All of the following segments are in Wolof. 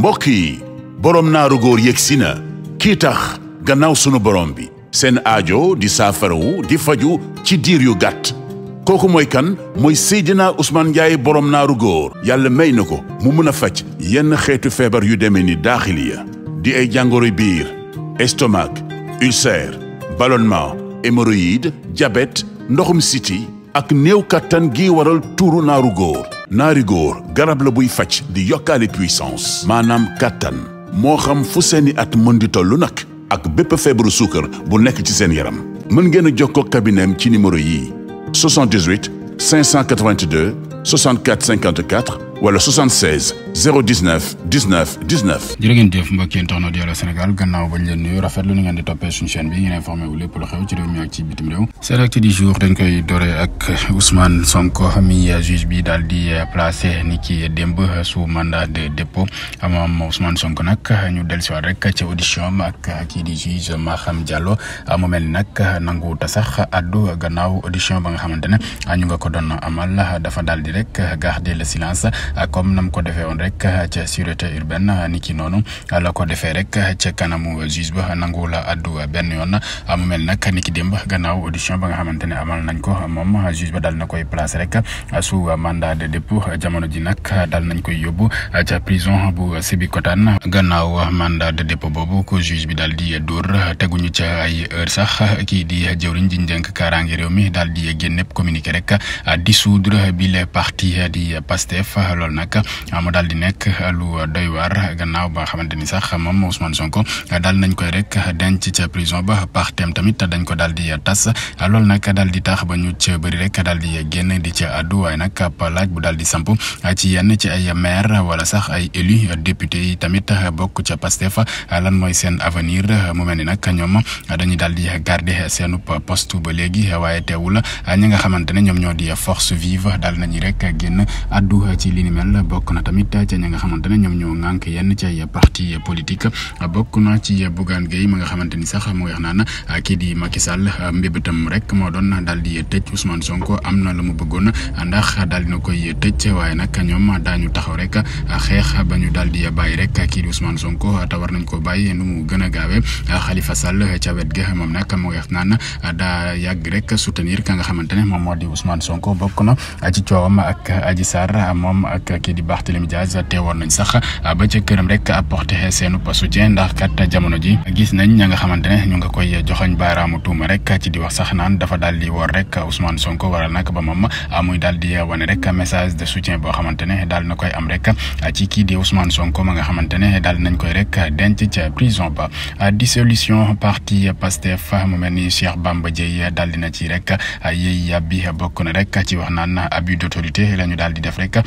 mbokk yi boroom naaru góor yegsi na kii tax gannaaw sunu borom bi seen aajo di saafarawu di faju ci diir yu gàtt kooku mooy kan mooy Seydina Ousmane Ndiaye borom naaru góor yàlla may na ko mu mën a faj yenn xeetu feebar yu demee ni daaxiliya di ay jàngoro biir estomac ulcère ballonnement hémorroïde jabet ndoxum siti ak néew kattan gi waral tuuru naaru góor naari góor garab la buy faj di yokkaale puissance maanaam kàttan moo xam fu seeni at mën di tollu nag ak bépp feebaru suukar bu nekk ci seen yaram mën ngeen a jokkoo kabineem ci numéro yii 78 582 64 54 wala 76 019 19 19. jërë ngeen jëf mbokki internet yi Sénégal gannaaw bañ leen nuyu rafetlu ni ngeen di toppee suñu chaîne bi ngeen informé wu lépp lu xew ci réew mi ak ci bitim réew. seen acte du jour dañ koy doree ak Ousmane Sonko mi juge bi daal di placé ni ki démb sous mandat de am moom Ousmane Sonko nag ñu dellusiwaat rek ci audition am ak kii di juge xam Diallo mu mel ni nag nanguwuta sax addu gannaaw audition ba nga xamante ne ñu nga ko doon amal dafa daal di rek garder le silence. a comme nam ko defee woon rek ah, ca sûreté urbaine ah, ni ki noonu ah, la ko defee rek ca kanamu juge ba nangu a addu benn yoon mu mel nag ni ki démb gannaaw audition ba nga xamante ne amal nañ ko moom juge ba daal na koy place rek sous mandat de dépôt jamono ji nag daal nañ koy yóbbu ca prison bu Sébikotane gannaaw a mandat de dépôt boobu ko juge bi daal di dóor teguñu ca ay heure sax kii di jëwriñ ji njënk kaaraange réew mi daal di génn communiqué rek dissoudre bi les loolu nag mu daal di nekk lu doy waar gannaaw ba xamante ni sax moom Ousmane ko daal nañ koy rek denc ca prison ba partem tamit dañ ko daal di tas loolu nag daal di tax ba ñu ci bëri rek daal di génn di ca addu waaye nag ab bu daal di samp ci yenn ci ay wala sax ay élu député yi tamit bokk ca Pastef lan mooy seen avenir mu mel ni nag ñoom dañuy daal di garder seenu poste ba léegi waaye teewul ñi nga xamante ne ñoom ñoo di force vive dal nañu rek génn addu ci li ni mel bokk na tamit ca ña nga xamante ne ñoom ñoo ŋànk yenn ci ay parti politique bokk na ci Bougane Gueye ma nga xamante ni sax mu wax naan kii di Macky Sall mbébétam rek moo doon daal di tëj Ousmane Sonko am na la mu bëggoon ndax daal dina koy tëj waaye nag ñoom daañu taxaw rek xeex ba ñu daal di bàyyi rek kii di Ousmane Sonko te war nañ ko bàyyi nu mu gën a gaawee Khalifa Sall ca wet ga moom nag mu wax naan daa yàgg rek soutenir ka nga xamante ne moom moo di Ousmane Sonko bokk na ci coowam ak Adji Sarr moom ak kii di Barthélémy Diaz teewoon nañ sax ah, ba ca këram rek apporté seenu soutien ndax kat jamono ji gis nañ ña nga xamante ne ñu nga koy joxoñ baaraamu tuuma rek ci di wax sax naan dafa daal di woor rek Ousmane Sonko waral nag ba moom ah, muy daal di wane rek message de soutien boo xamante ne daal na koy am rek ah, ci kii di Ousmane Sonko ma nga xamante ne daal nañ koy rek denc ca prison ba dissolution parti Pastef mu mel ni Cheikh Bamba Dièye daal na ci rek yéey yàbbi na rek ci wax naan abus d'autorité la ñu daal di def rek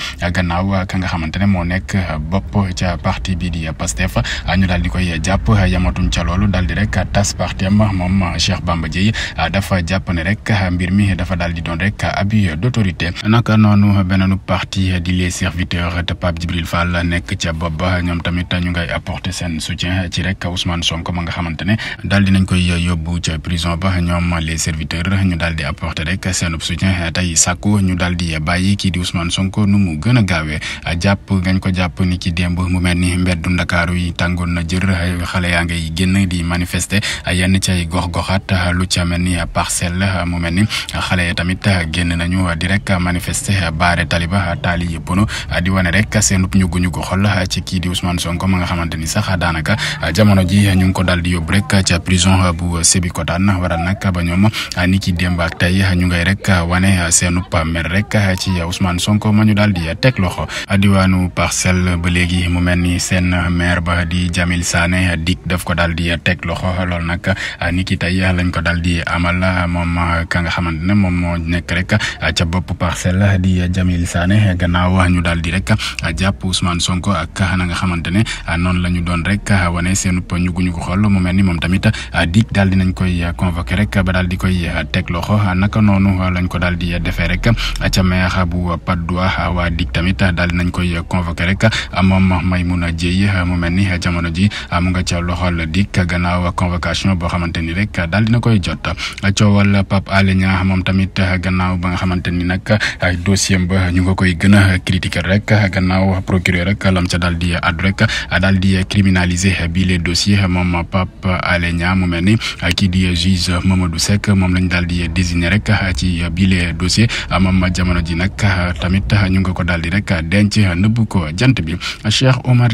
gannaaw ka nga ne moo nekk euh, bopp ca parti bi di Pastef euh, ñu daal di koy jàpp euh, yamatuñ ca loolu daal di rek tas parti am moom Cheikh Bamba Dièye dafa jàpp ne rek mbir mi dafa daal di doon rek abus d'autorité naka noonu beneen parti di les serviteurs te Pape Djibril Fall nekk ca bopp ba ñoom tamit ñu ngay apporter seen soutien ci rek Ousmane Sonko ma nga xamante ne daal di nañ koy yóbbu ca prison ba ñoom les serviteurs ñu daal di apporter rek seen soutien tey sàkku ñu daal di bàyyi kii di Ousmane Sonko nu mu gën a a jàpp ngañ ko jàpp ni ki démb mu mel ni mbeddu ndakaaru yi tàngoon na jër xale yaa ngay génn di manifester yenn ci ay gox-goxaat lu ca mel ni parcelle mu mel ni xale tamit génn nañu di rek manifester baare taliba taali a di wane rek seen ub ñugu-ñugu xol ci kii di Ousmane Sonko ma nga xamante ni sax daanaka jamono ji ñu ngi ko daal di yóbbu rek ca prison bu Sébikotane waral a ba ñoom ni ki démb ak tey rek wane ci Ousmane Sonko ma ñu daal di teg teg loxo diwaanu parcelle ba léegi mu mel ni seen maire ba di Jamil Sané dik daf ko daal di teg loxo loolu nag ni ki tey lañ ko daal di amal moom ka nga xamante ne moom moo nekk rek ca bopp parcelle di Jamil Sané gannaaw ñu daal di rek jàpp Ousmane Sonko ak na nga xamante ne noonu la ñu doon rek wane seen ñugu ñugu xool mu mel ni moom tamit dik daal di nañ koy convoqué rek ba daal di daal di defee rek ca maire bu Patte d'Oie waa dik tamit daal di nañ koy convoqué rek moom Maymouna Dieye mu mel ni jamono ji mu nga ca loxol dikk gannaaw convocation boo xamante rek daal dina koy jot coowal Pape Alé Niang moom tamit ba nga xamante ni nag dossier ba ñu nga koy gën a critiquer rek gannaaw procureur rek lam ca daal di addu rek daal di criminaliser bii les dossiers moom a Alé Niang mu mel ni kii di juge Mamadou Seck moom lañ daal di désigner rek ci bii les a moom jamono ji nag tamit ñu nga ko daal di rek denc nëbb ko jant bi Cheikh Omar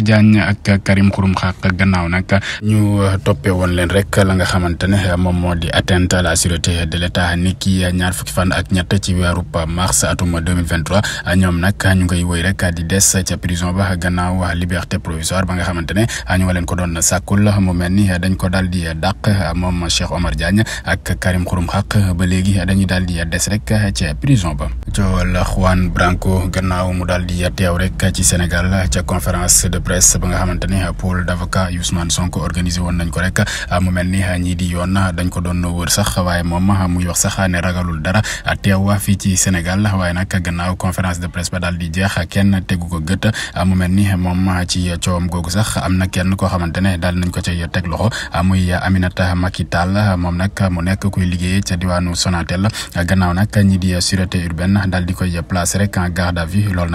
gannaaw nag ñu euh, toppee woon leen rek la nga xamante ne moom moo di atteinte à la sûreté de l'État ni ñaar fukki fan ak ñett ci weeru mars atum 2023 ñoom nag ñu koy woy rek di des ca prison ba gannaaw liberté provisoire ba nga xamante ne ñu leen ko doon sàkkul mu mel ni dañ ko daal di dàq moom Cheikh Omar Diagne ak Karim Xurum Xaq ba léegi dañuy daal di des rek ca prison ba Joal Juan Branco gannaaw mu daal di teew rek ci Sénégal ca conférence de presse ba nga xamante ni pôle d'avocat Ousmane Sonko organisé woon nañ ko rek mu mel ni ñii di yoon dañ ko doon wër sax waaye moom muy wax sax ne ragalul dara teew fii ci Sénégal waaye nag gannaaw conférence de presse ba daal di jeex kenn tegu ko gët mu mel ni moom ma ci coowam googu sax am na kenn koo xamante ne daal nañ ko cay teg loxo muy Aminata Macky Tall moom nag mu nekk kuy liggéeyee ca diwaanu Sonatel gannaaw nag ñii di di koy placer rek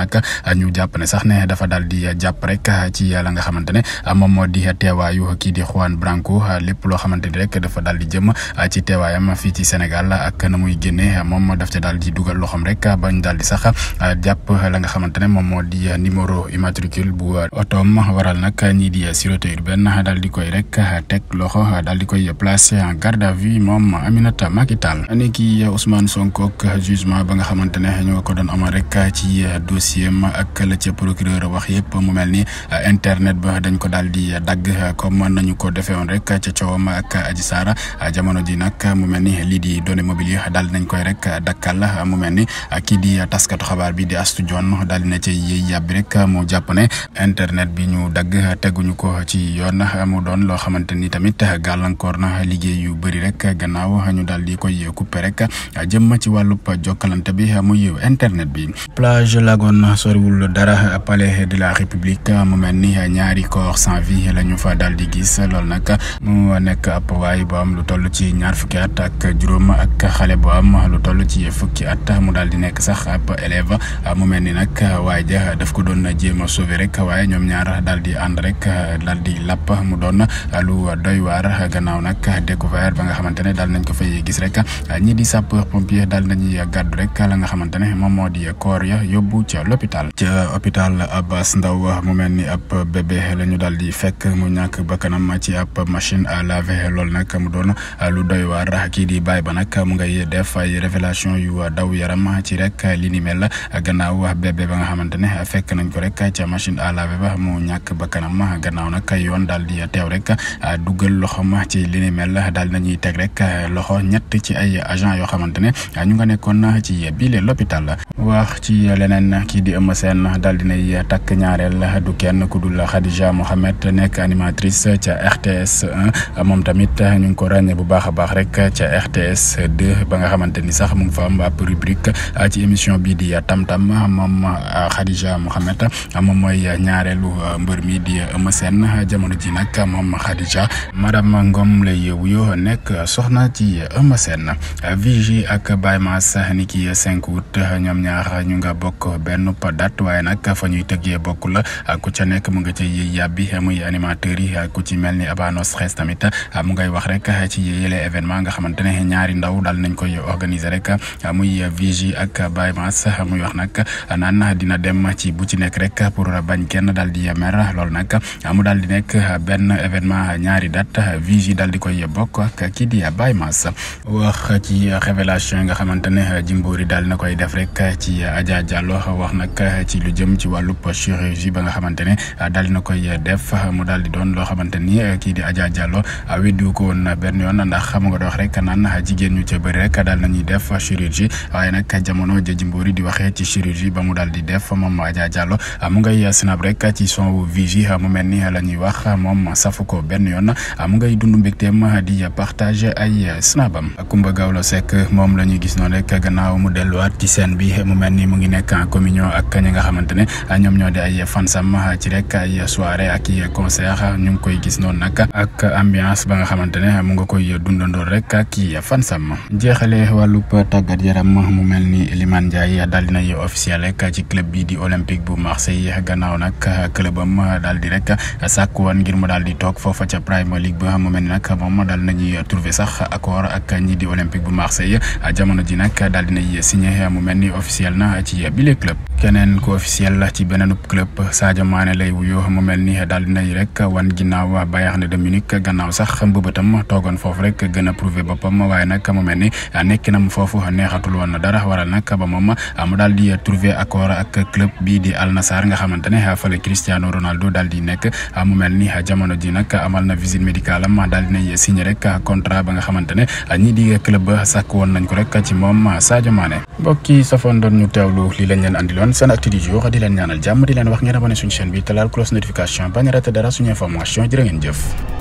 nag ñu jàpp ne sax ne dafa daal di jàpp rek ci la nga xamante ne moom moo di teewaayu kii di Juan Branco lépp loo xamante ni rek dafa daal di jëm ci teewaayam fii ci Sénégal ak na muy génnee moom daf ca daal di dugal loxoom rek bañ daal di sax jàpp la nga xamante ne moom moo di numéro immatricule bu otoom waral nag ñii di sûreté urbaine daal di koy rek teg loxo daal di koy placé en garde à vue moom Aminata Macky Tall ne kii Ousmane Sonko ak jugement ba nga xamante ne ñoo ko doon amal rek ci dossier. dossier am ak la ca procureur wax yëpp mu mel ni euh, internet ba dañ ko daal di dagg euh, comme nañu ko defee woon rek ca coowam ak Adji Sarr euh, jamono ji nag mu mel ni lii di données mobiles yi daal di nañ koy rek dakkal mu mel ni kii di taskatu xabaar bi di Astou daal di ci yéey rek mu jàpp ne internet bi ñu dagg teguñu ko ci yoon mu doon loo xamante ni tamit gàllankoor na liggéey yu bëri rek gannaaw ñu daal di koy couper rek jëm ci wàllub jokkalante bi muy internet bi plage Lagone Colobane soriwul dara palais de la république mu mel ni ñaari corps sans vie la ñu fa daal di gis loolu nag mu nekk ab waay bu am lu toll ci ñaar fukki at ak juróom ak xale bo am lu toll ci fukki at mu daal di nekk sax ab élève mu mel ni nag waay ja daf ko doon jéem a sauver rek waaye ñoom ñaar daal di ànd rek daal di lapp mu doon lu doy waar gannaaw nag découvert ba nga xamante ne daal nañ ko fay gis rek ñi di sapeur pompier daal nañuy gàddu rek la nga xamante ne moom moo di l'hôpital ca hôpital ndaw Ndao mu mel ni ab bébé la ñu daal di fekk mu ñàkk bakkanam ci app machine à laver lool nag mu doon lu doy waar kii di baay ba nag mu ngay def ay révélation yu daw yaram ci rek li ni mel gannaaw bébé ba nga xamante ne fekk nañ ko rek ca machine à laver ba mu ñàkk bakkanam gannaaw nag yoon daal di teew rek dugal loxo loxoom ci li ni mel daal nañuy teg rek loxo ñett ci ay agent yoo xamante ne ñu nga nekkoon ci biile l'hôpital wax kii di Eumeu Sène daal dinay takk ñaareel du kenn ku dul Khadija Mohamed nekk animatrice ca RTS moom tamit ñu ngi ko ràññee bu baax a baax rek ca RTS 2 xamante ni sax mu ngi fa am ab rubrique ci di tam-tam moom Khadija Mohamed moom mooy ñaareelu mbër mi di Eumeu Sène jamono ji nag moom Khadija madame Ngom lay wuyo nekk soxna ci Eumeu Sène Vigi ak Baye Mass ni ki 5 août ñoom ñaar nga bokk benn benn date waaye nag fa ñuy tëggee bokk la ku ca nekk mu nga ca yàbbi muy animateurs yi ku ci mel ni Abano Stress tamit mu ngay wax rek ci yële événement nga xamante ne ñaari ndaw daal nañ koy organiser rek muy Vigi ak Baye Mass muy wax nag naan dina dem ci bu ci nekk rek pour bañ kenn daal di mer loolu nag mu daal di nekk benn événement ñaari date Vigi daal di koy bokk ak kii di Baye Mass wax ci révélation yi nga xamante ne Jimbori daal na koy def rek ci Adja Diallo wax nag eh, ci lu jëm ci wàllub chirurgie ba nga xamante ne eh, daal dina koy def eh, mu daal di doon loo xamante ni kii di Adja Diallo weddiwu ko woon benn yoon ndax xam nga dox rek naan nan ñu ca bëri rek daal nañuy def chirurgie waaye nag jamono jëji mbóori di waxee ci chirurgie ba mu daal di def moom Adja Diallo mu ngay snap rek ci son vigi mu mel ni la ñuy wax moom safu ko benn yoon mu ngay dund mbégteem di partage ay snabam Coumba Gawlo Seck moom la ñuy gis noonu rek gannaaw mu delluwaat ci scène bi mu mel ni mu ngi nekk en communion réunion ak ñi nga xamante ne ñoom ñoo di ay fansam ci rek ay soirée ak i concert ñu ngi koy gis noonu nag ak ambiance ba nga xamante ne mu nga koy dundandoor rek ak i fansam jeexale wàllub tàggat yaram mu mel ni Iliman Ndiaye daal dinay officiel rek ci club bi di olympique bu Marseille gannaaw nag clubam daal di rek sàkk woon ngir mu daal di toog foofa ca Premier League ba mu mel ni nag moom daal nañuy trouver sax accord ak ñi di olympique bu Marseille jamono ji nag daal dinay signé mu mel ni officiel na ci keneen ko officiel la ci beneen club Sadio Mané lay wuyoo mu mel ni daal dinay rek wan ginnaaw Bayern de Munich gannaaw sax mbëbëtam toogoon foofu rek gën a prouver boppam waaye nag mu mel ni nekkinam foofu neexatul woon dara waral nag ba moom mu daal di trouver accord ak club bii di Al nga xamante ne fële Cristiano Ronaldo daal di nekk mu mel ni jamono ji nag amal na visite médicale ma daal dinay signé rek contrat ba nga xamante ne ñii di club sàkk ko rek ci moom Sadio Mané. mbokk yi safoon doon doon seen actu du jour di leen ñaanal jàmm di leen wax ngeen abonné suñu chaîne bi te laal notification bañ a raté dara suñu information jërë ngeen jëf